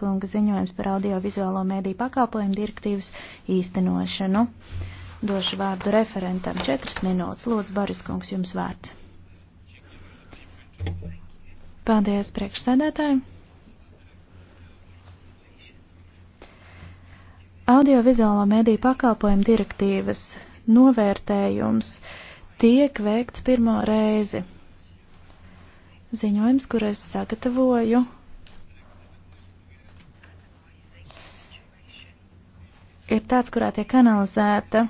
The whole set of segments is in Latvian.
kunga ziņojums par audiovizuālo mēdīju pakalpojumu direktīvas īstenošanu. Došu vārdu referentam četras minūtes. Lūdzu, Boris kungs, jums vārds. Paldies, priekšsēdētāji. Audiovizuālo mediju pakalpojumu direktīvas novērtējums tiek veikts pirmo reizi. Ziņojums, kur es sagatavoju, ir tāds, kurā tiek analizēta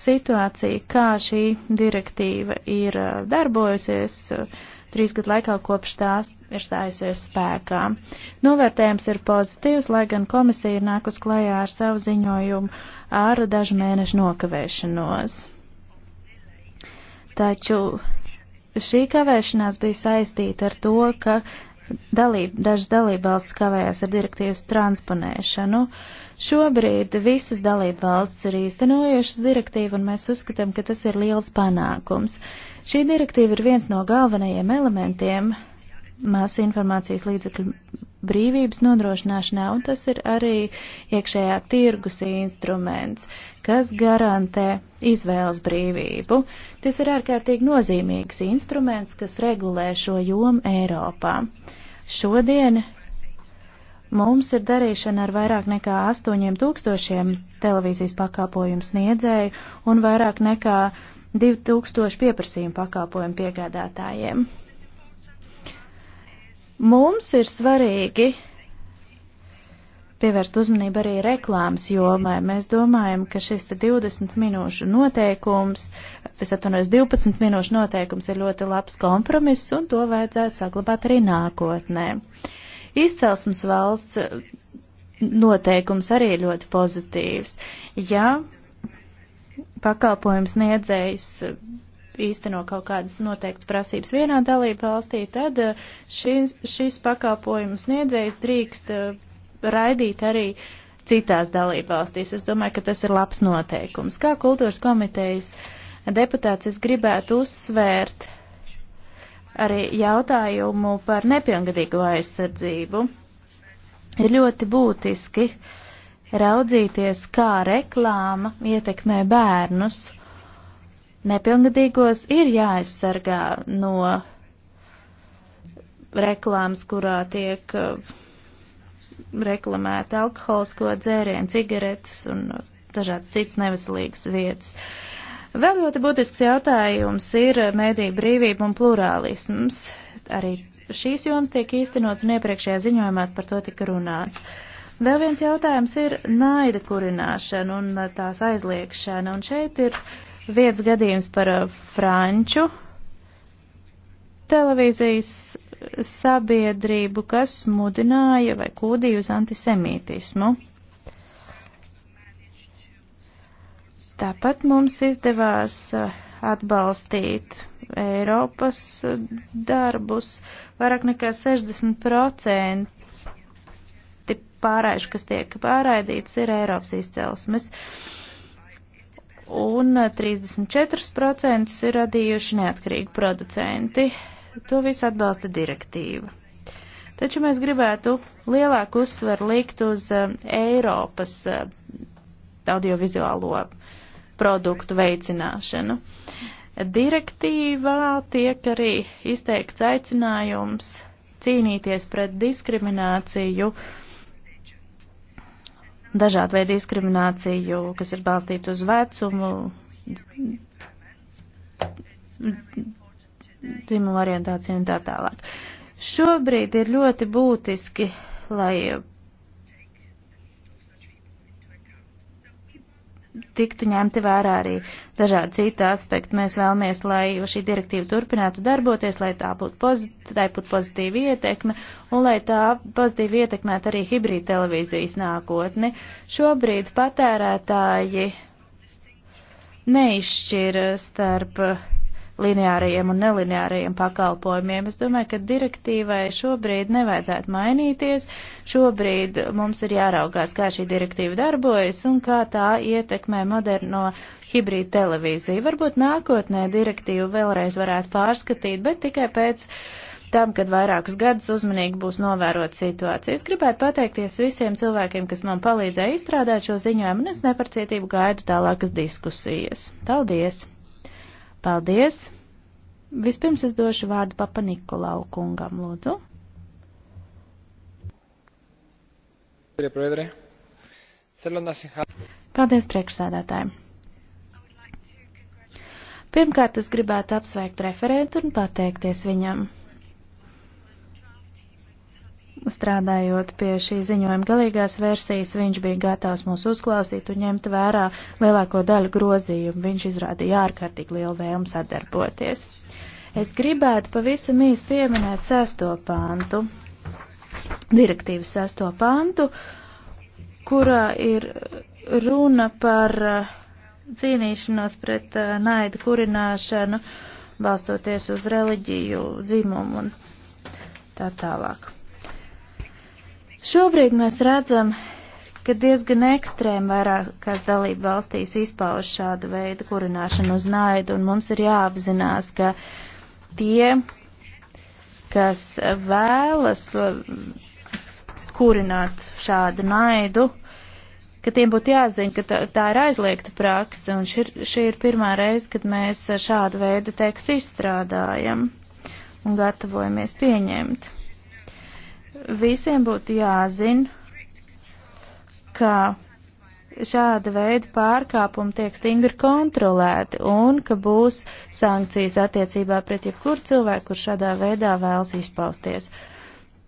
situācija, kā šī direktīva ir uh, darbojusies uh, trīs gadu laikā kopš tās ir stājusies spēkā. Novērtējums ir pozitīvs, lai gan komisija ir nākus klajā ar savu ziņojumu ar dažu mēnešu nokavēšanos. Taču šī kavēšanās bija saistīta ar to, ka dalība, dažas dalībvalstis kavējās ar direktīvas transponēšanu. Šobrīd visas dalībvalstis ir īstenojušas direktīvu, un mēs uzskatām, ka tas ir liels panākums. Šī direktīva ir viens no galvenajiem elementiem masu informācijas līdzekļu brīvības nodrošināšanā, un tas ir arī iekšējā tirgus instruments, kas garantē izvēles brīvību. Tas ir ārkārtīgi nozīmīgs instruments, kas regulē šo jomu Eiropā. Uh, Šodien mums ir darīšana ar vairāk nekā 8000 televīzijas pakāpojumu sniedzēju un vairāk nekā 2000 pieprasījumu pakāpojumu piegādātājiem. Mums ir svarīgi pievērst uzmanību arī reklāmas jomai. Mēs domājam, ka šis 20 minūšu noteikums, es atvainojos, 12 minūšu noteikums ir ļoti labs kompromiss un to vajadzētu saglabāt arī nākotnē. Izcelsmes valsts noteikums arī ir ļoti pozitīvs. Ja pakalpojums niedzējs īsteno kaut kādas noteiktas prasības vienā dalība valstī, tad šis, šis pakalpojums niedzējs drīkst raidīt arī citās dalībvalstīs. Es domāju, ka tas ir labs noteikums. Kā kultūras komitejas deputāts es gribētu uzsvērt arī jautājumu par nepilngadīgo aizsardzību. Ir ļoti būtiski raudzīties, kā reklāma ietekmē bērnus. Nepilngadīgos ir jāaizsargā no reklāmas, kurā tiek uh, reklamēt alkoholisko dzērienu, cigaretes un dažādas citas neveselīgas vietas. Vēl ļoti būtisks jautājums ir mēdīja brīvība un plurālisms. Arī šīs jomas tiek īstenots un iepriekšējā ziņojumā par to tika runāts. Vēl viens jautājums ir naida kurināšana un tās aizliekšana. Un šeit ir viens gadījums par franču televīzijas sabiedrību, kas mudināja vai kūdīja uz antisemītismu. Tāpat mums izdevās eh, atbalstīt Eiropas eh, darbus. Vairāk nekā 60% pārēžu, kas tiek pārraidīts, ir Eiropas izcelsmes. Un 34% eh, ir radījuši neatkarīgi producenti. To visu atbalsta direktīva. Taču mēs gribētu lielāku uzsvaru likt uz um, Eiropas um, audiovizuālo produktu veicināšanu. Direktīvā tiek arī izteikts aicinājums cīnīties pret diskrimināciju, dažādu veidu diskrimināciju, kas ir balstīta uz vecumu, dzimumu orientāciju un tā tālāk. Šobrīd ir ļoti būtiski, lai tiktu ņemti vērā arī dažādi citi aspekti. Mēs vēlamies, lai šī direktīva turpinātu darboties, lai tā būtu pozitīva, būtu pozitīva ietekme un lai tā pozitīvi ietekmētu arī hibrīd televīzijas nākotni. Šobrīd patērētāji neizšķir starp uh, lineārajiem un nelineārajiem pakalpojumiem. Es domāju, ka direktīvai šobrīd nevajadzētu mainīties. Šobrīd mums ir jāraugās, kā šī direktīva darbojas un kā tā ietekmē moderno hibrīdu televīziju. Varbūt nākotnē direktīvu vēlreiz varētu pārskatīt, bet tikai pēc tam, kad vairākus gadus uzmanīgi būs novērot situāciju. Es gribētu pateikties visiem cilvēkiem, kas man palīdzēja izstrādāt šo ziņojumu, un es neparcietību gaidu tālākas diskusijas. Paldies! Paldies! Vispirms es došu vārdu papa Nikolau kungam, lūdzu. Paldies priekšsēdētājiem! Pirmkārt, es gribētu apsveikt referentu un pateikties viņam strādājot pie šī ziņojuma galīgās versijas, viņš bija gatavs mūs uzklausīt un ņemt vērā lielāko daļu grozījumu. Viņš izrādīja ārkārtīgi lielu vēlmu sadarboties. Es gribētu pavisam īsti pieminēt sesto pantu, direktīvas sesto pantu, kurā ir runa par eh, cīnīšanos pret eh, naidu kurināšanu, balstoties uz reliģiju, dzimumu un tā tālāk. Šobrīd mēs redzam, ka diezgan ekstrēmi vairākās dalību valstīs izpauž šādu veidu kurināšanu uz naidu, un mums ir jāapzinās, ka tie, kas vēlas uh, kurināt šādu naidu, ka tiem būtu jāzina, ka tā, tā ir aizliegta praksa, un šī, šī ir pirmā reize, kad mēs šādu veidu tekstu izstrādājam un gatavojamies pieņemt visiem būtu jāzina, ka šāda veida pārkāpumi tiek stingri kontrolēti un ka būs sankcijas attiecībā pret jebkuru cilvēku, kurš šādā veidā vēlas izpausties.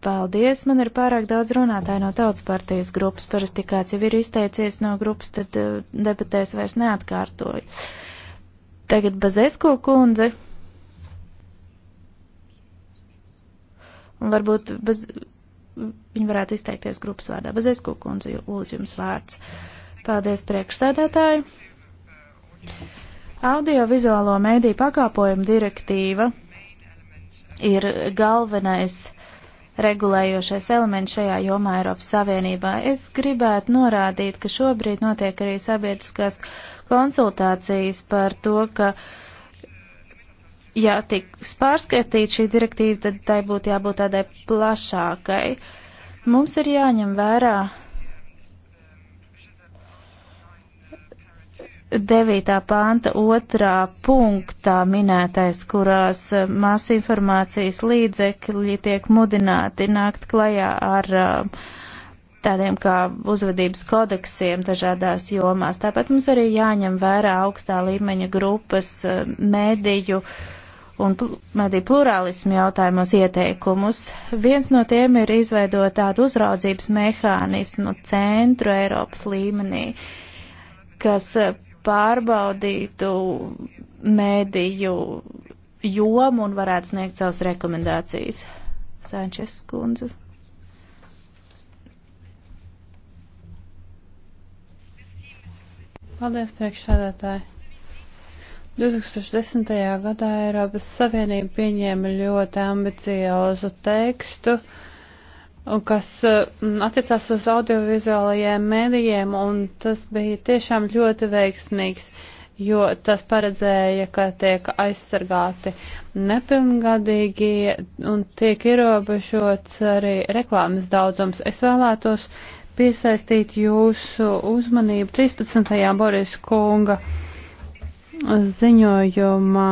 Paldies, man ir pārāk daudz runātāju no tautas partijas grupas, parasti kāds jau ir izteicies no grupas, tad eh, debatēs vairs neatkārtoju. Tagad Bazesko kundze. Un varbūt bez, viņi varētu izteikties grupas vārdā. Bazesku kundze, lūdzu jums vārds. Paldies priekšsēdētāji. Audiovizuālo mēdīju pakāpojumu direktīva ir galvenais regulējošais elements šajā jomā Eiropas Savienībā. Es gribētu norādīt, ka šobrīd notiek arī sabiedriskās konsultācijas par to, ka uh, ja tiks pārskatīta šī direktīva, tad tai būtu jābūt tādai plašākai. Mums ir jāņem vērā 9. panta 2. punktā minētais, kurās masu informācijas līdzekļi tiek mudināti nākt klajā ar uh, tādiem kā uzvedības kodeksiem dažādās jomās. Tāpat mums arī jāņem vērā augstā līmeņa grupas uh, mediju uh, un arī plurālismu jautājumos ieteikumus. Viens no tiem ir izveidot tādu uzraudzības mehānismu centru Eiropas līmenī, kas eh, pārbaudītu mēdīju jomu un varētu sniegt savas rekomendācijas. Sančes kundze. Paldies, priekšsēdētāji. 2010. gadā Eiropas Savienība pieņēma ļoti ambiciozu tekstu, kas mm, attiecās uz audiovizuālajiem medijiem, un tas bija tiešām ļoti veiksmīgs, jo tas paredzēja, ka tiek aizsargāti nepilngadīgi un tiek ierobežots arī reklāmas daudzums. Es vēlētos piesaistīt jūsu uzmanību 13. Boris Kunga ziņojumā.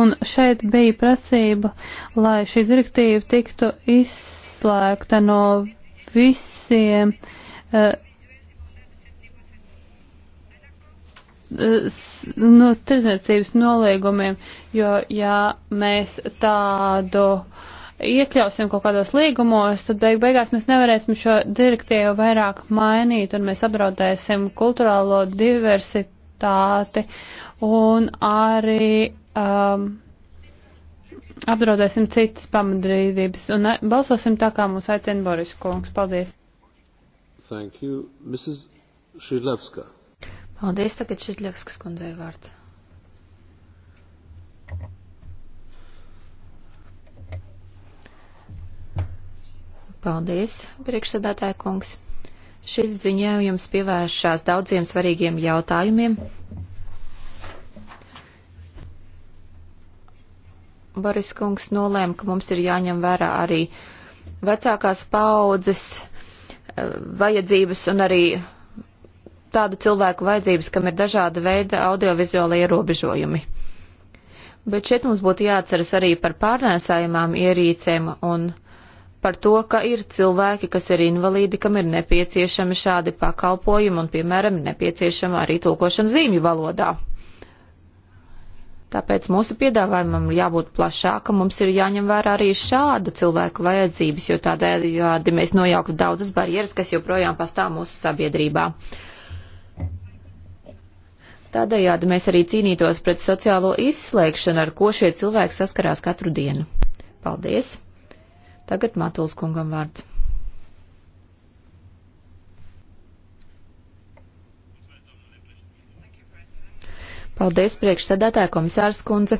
Un šeit bija prasība, lai šī direktīva tiktu izslēgta no visiem uh, no tirdzniecības noliegumiem, jo ja mēs tādu uh, iekļausim kaut kādos līgumos, tad beig beigās mēs nevarēsim šo direktīvu vairāk mainīt un mēs apdraudēsim kulturālo diversitāti un arī um, apdraudēsim citas pamatbrīvības. Un eh, balsosim tā, kā mūs aicina Boris Kungs. Paldies. Thank you. Mrs. Šidlevska. Paldies, tagad Šidlevskas kundzei vārds. Paldies, priekšsēdētāja kungs. Šis ziņojums pievēršās daudziem svarīgiem jautājumiem. Boris kungs nolēma, ka mums ir jāņem vērā arī vecākās paudzes eh, vajadzības un arī tādu cilvēku vajadzības, kam ir dažāda veida audiovizuāla ierobežojumi. Bet šeit mums būtu jāatceras arī par pārnēsājumām ierīcēm un ierīcēm par to, ka ir cilvēki, kas ir invalīdi, kam ir nepieciešami šādi pakalpojumi un, piemēram, ir nepieciešama arī tulkošana zīmju valodā. Tāpēc mūsu piedāvājumam ir jābūt plašākam, mums ir jāņem vērā arī šādu cilvēku vajadzības, jo tādējādi mēs nojauktu daudzas barjeras, kas joprojām pastāv mūsu sabiedrībā. Tādējādi mēs arī cīnītos pret sociālo izslēgšanu, ar ko šie cilvēki saskarās katru dienu. Paldies! Tagad Matuls kungam vārds. Paldies, priekšsēdētāja komisārs kundze.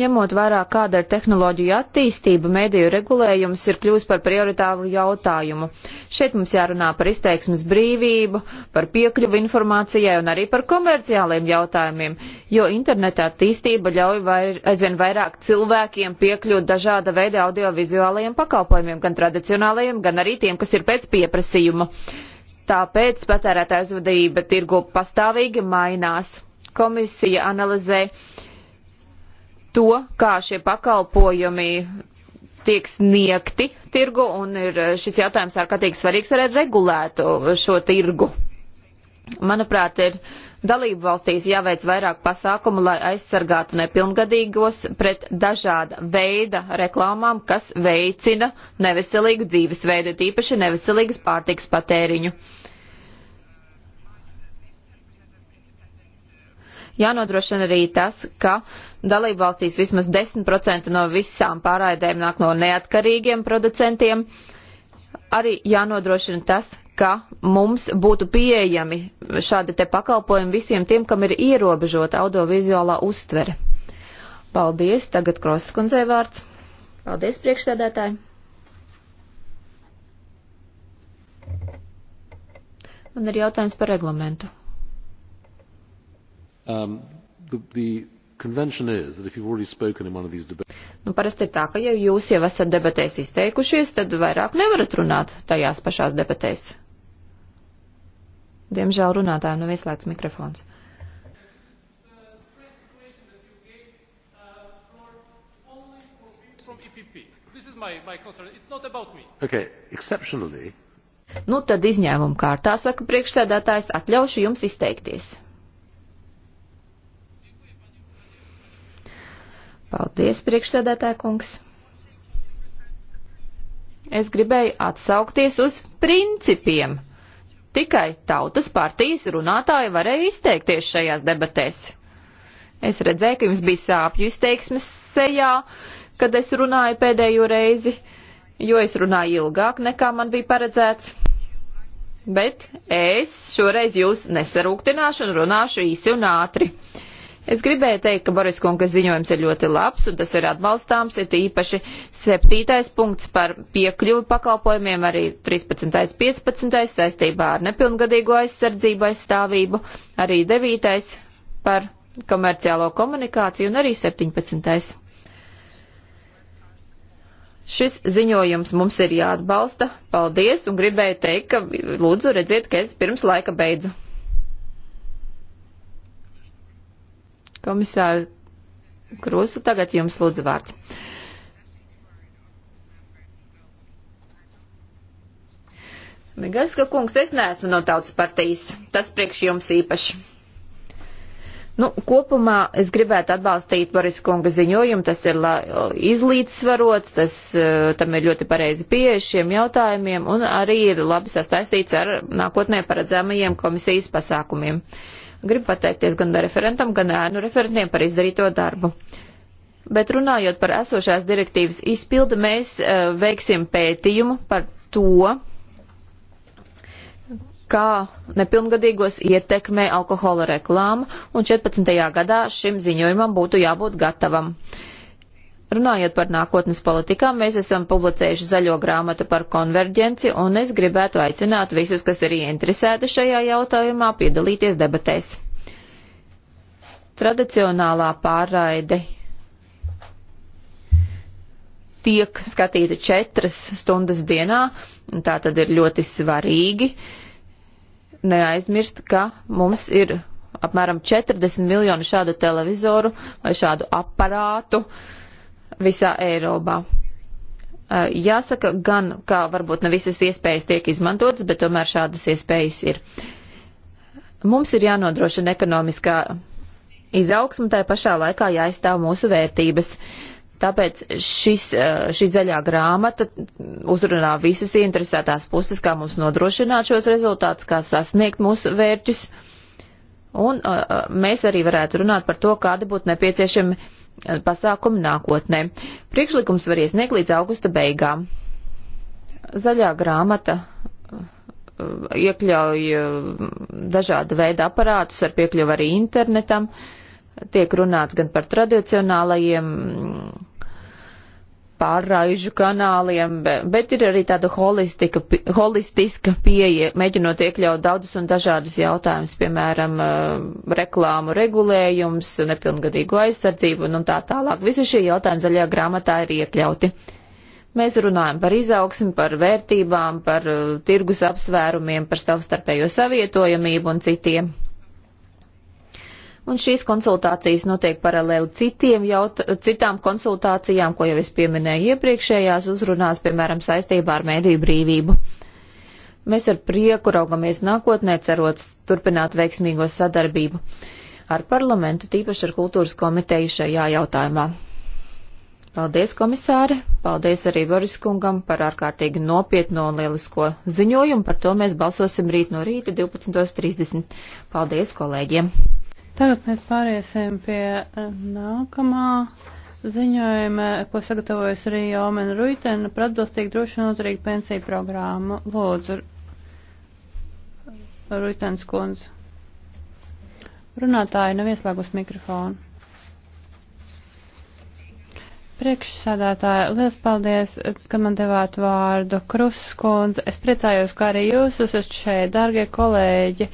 Ņemot vērā, kāda ir tehnoloģija attīstība, mediju regulējums ir kļuvis par prioritāru jautājumu. Šeit mums jārunā par izteiksmes brīvību, par piekļuvu informācijai un arī par komerciāliem jautājumiem, jo internetā attīstība ļauj vair, aizvien vairāk cilvēkiem piekļūt dažāda veida audiovizuālajiem pakalpojumiem, gan tradicionālajiem, gan arī tiem, kas ir pēc pieprasījuma. Tāpēc patērētāja uzvedība tirgu pastāvīgi mainās. Komisija analizē to, kā šie pakalpojumi tiek sniegti tirgu, un ir eh, šis jautājums ārkārtīgi svarīgs, lai regulētu šo tirgu. Manuprāt, ir dalību valstīs jāveic vairāk pasākumu, lai aizsargātu nepilngadīgos pret dažāda veida reklāmām, kas veicina neveselīgu dzīvesveidu, tīpaši neveselīgas pārtiks patēriņu. Uh, jānodrošina arī tas, ka dalībvalstīs vismaz 10% no visām pārraidēm nāk no neatkarīgiem producentiem. Arī jānodrošina tas, ka mums būtu pieejami šādi te pakalpojumi visiem tiem, kam ir ierobežota audiovizuālā uztvere. Paldies, tagad Krosas kundzei vārds. Paldies, priekšsēdētāji. Man ir jautājums par reglamentu. Um, the, the convention is that if you've already spoken in one of these debates. Nu, parasti ir tā, ka ja jūs jau esat debatēs izteikušies, tad vairāk nevarat runāt tajās pašās debatēs. Diemžēl runātājiem nav nu ieslēgts mikrofons. E my, my okay, exceptionally. Nu tad izņēmuma kārtā, saka priekšsēdētājs, atļaušu jums izteikties. Paldies, priekšsēdētāja kungs. Es gribēju atsaukties uz principiem. Tikai tautas partijas runātāji varēja izteikties šajās debatēs. Es redzēju, ka jums bija sāpju izteiksmes sejā, kad es runāju pēdējo reizi, jo es runāju ilgāk nekā man bija paredzēts. Bet es šoreiz jūs nesarūktināšu un runāšu īsi un ātri. Uh, Es gribēju teikt, ka Boris Kunga ziņojums ir ļoti labs un tas ir atbalstāms, ir īpaši septītais punkts par piekļuvi pakalpojumiem, arī 13. 15. saistībā ar nepilngadīgo aizsardzību aizstāvību, arī 9. par komerciālo komunikāciju un arī 17. Šis ziņojums mums ir jāatbalsta. Paldies un gribēju teikt, ka lūdzu redziet, ka es pirms laika beidzu. Komisāra Krūsa, tagad jums lūdzu vārds. Migaska kungs, es neesmu no tautas partijas. Tas priekš jums īpaši. Nu, kopumā es gribētu atbalstīt Boris kunga ziņojumu. Tas ir izlīdzsvarots, tas, eh, tam ir ļoti pareizi pieeja šiem jautājumiem un arī ir labi sastaistīts ar nākotnē paredzamajiem komisijas pasākumiem. Uh, Gribu pateikties gan referentam, gan ēnu referentiem par izdarīto darbu. Bet runājot par esošās direktīvas izpildu, mēs uh, veiksim pētījumu par to, kā nepilngadīgos ietekmē alkohola reklāma, un 14. gadā šim ziņojumam būtu jābūt gatavam. Uh, Runājot par nākotnes politikām, mēs esam publicējuši zaļo grāmatu par konverģenci, un es gribētu aicināt visus, kas ir ieinteresēti šajā jautājumā, piedalīties debatēs. Tradicionālā pārraide tiek skatīta četras stundas dienā, un tā tad ir ļoti svarīgi neaizmirst, ka mums ir apmēram 40 miljoni šādu televizoru vai šādu aparātu. Uh, visā Eiropā. Eh, jāsaka gan, ka varbūt ne visas iespējas tiek izmantotas, bet tomēr šādas iespējas ir. Mums ir jānodrošina ekonomiskā izaugsme, tā pašā laikā jāizstāv mūsu vērtības. Tāpēc šis, eh, šī zaļā grāmata uzrunā visas interesētās puses, kā mums nodrošināt šos rezultātus, kā sasniegt mūsu vērķus. Un eh, mēs arī varētu runāt par to, kādi būtu nepieciešami Eh, pasākumi nākotnē. Priekšlikums var iesniegt līdz augusta beigām. Zaļā grāmata eh, iekļauj eh, dažāda veida aparātus ar piekļuvu arī internetam. Tiek runāts gan par tradicionālajiem pārraižu kanāliem, bet ir arī tāda holistiska pieeja, mēģinot iekļaut daudzas un dažādas jautājumas, piemēram, eh, reklāmu regulējums, nepilngadīgu aizsardzību un tā tālāk. Visi šie jautājumi zaļajā grāmatā ir iekļauti. Mēs runājam par izaugsmu, par vērtībām, par eh, tirgus apsvērumiem, par savstarpējo savietojamību un citiem. Un šīs konsultācijas notiek paralēli citiem jaut, citām konsultācijām, ko jau es pieminēju iepriekšējās uzrunās, piemēram, saistībā ar mēdīju brīvību. Mēs ar prieku raugamies nākotnē, cerot turpināt veiksmīgo sadarbību ar parlamentu, tīpaši ar kultūras komiteju šajā jautājumā. Paldies, komisāri! Paldies arī Boris kungam par ārkārtīgi nopietno un lielisko ziņojumu. Par to mēs balsosim rīt no rīta 12.30. Paldies kolēģiem! Tagad mēs pāriesim pie eh, nākamā ziņojuma, ko sagatavojas arī Omen Ruitena par atbilstīgu droši un noturīgu pensiju programmu. Lūdzu, Ruitens kundze. Runātāji nav ieslēgus mikrofonu. Priekšsādātāji, liels paldies, ka man devāt vārdu. Kruskundze, es priecājos, ka arī jūs esat šeit, dārgie kolēģi.